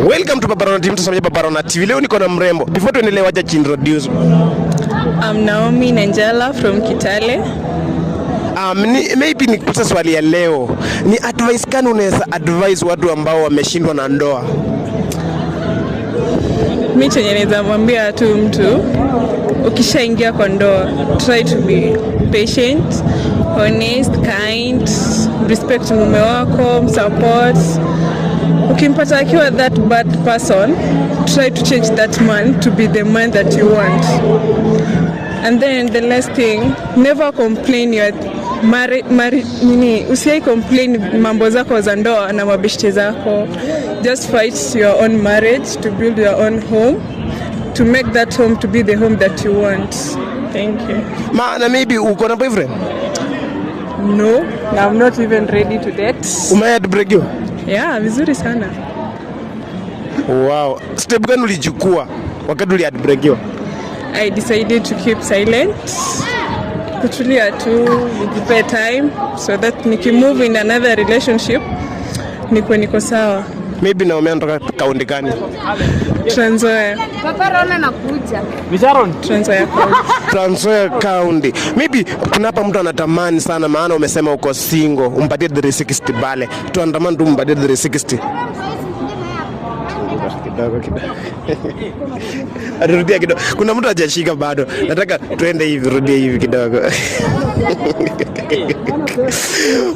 Welcome to Babarona TV, mtazamaji Babarona TV. Leo niko na mrembo. Before tuendelee, wacha introduce. I'm Naomi Nanjala from Kitale. Um, ni, maybe nikuta swali ya leo ni advice gani unaweza advise watu ambao wameshindwa na ndoa? Mi chenye naweza mwambia tu mtu, ukishaingia kwa ndoa, try to be patient, honest, kind, respect mume wako, support ukimpata akiwa that bad person, try to change that man to be the man that you want. And then the last thing, never complain your mari, mari, nini, usiai complain mambo zako za ndoa na mabishte zako. Just fight your own marriage to build your own home to make that home to be the home that you want. Thank you. Ma, na maybe uko na boyfriend? No, I'm not even ready to date. Umehead break you? Yeah, vizuri sana. Wow. Step gani ulichukua wakati uliadbrekiwa? I decided to keep silent. Kutulia tu, nijipe time so that nikimove in another relationship nikwe niko sawa. Maybe naomea natoka kaunti gani? Trans Nzoia. Papa Rona nakuja. Micharon. Trans Nzoia County. Trans Nzoia County. Maybe kuna hapa mtu anatamani sana maana umesema uko single, umpatie 360 bale. Tuandamani tu umpatie 360 kidogo kidogo, rudia kidogo. Kuna mtu hajashika bado, nataka tuende hivi, rudia hivi kidogo.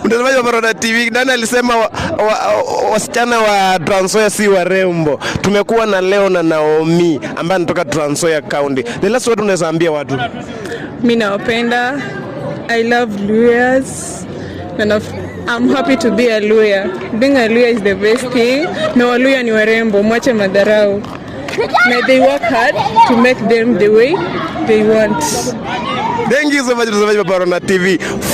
Mtazamaji wa Baroda TV, Dana alisema wasichana wa, wa, wa Trans Nzoia si warembo. Tumekuwa na leo na Naomi ambaye anatoka Transoya County. The last word unaweza ambia watu? Mimi nawapenda. I love Luas. Na I'm happy to be a Luya. Being a Luya is the best thing. Na Waluya ni warembo, mwache madharau. May they work hard to make them the way they want. Thank you so much, watazamaji wa TV.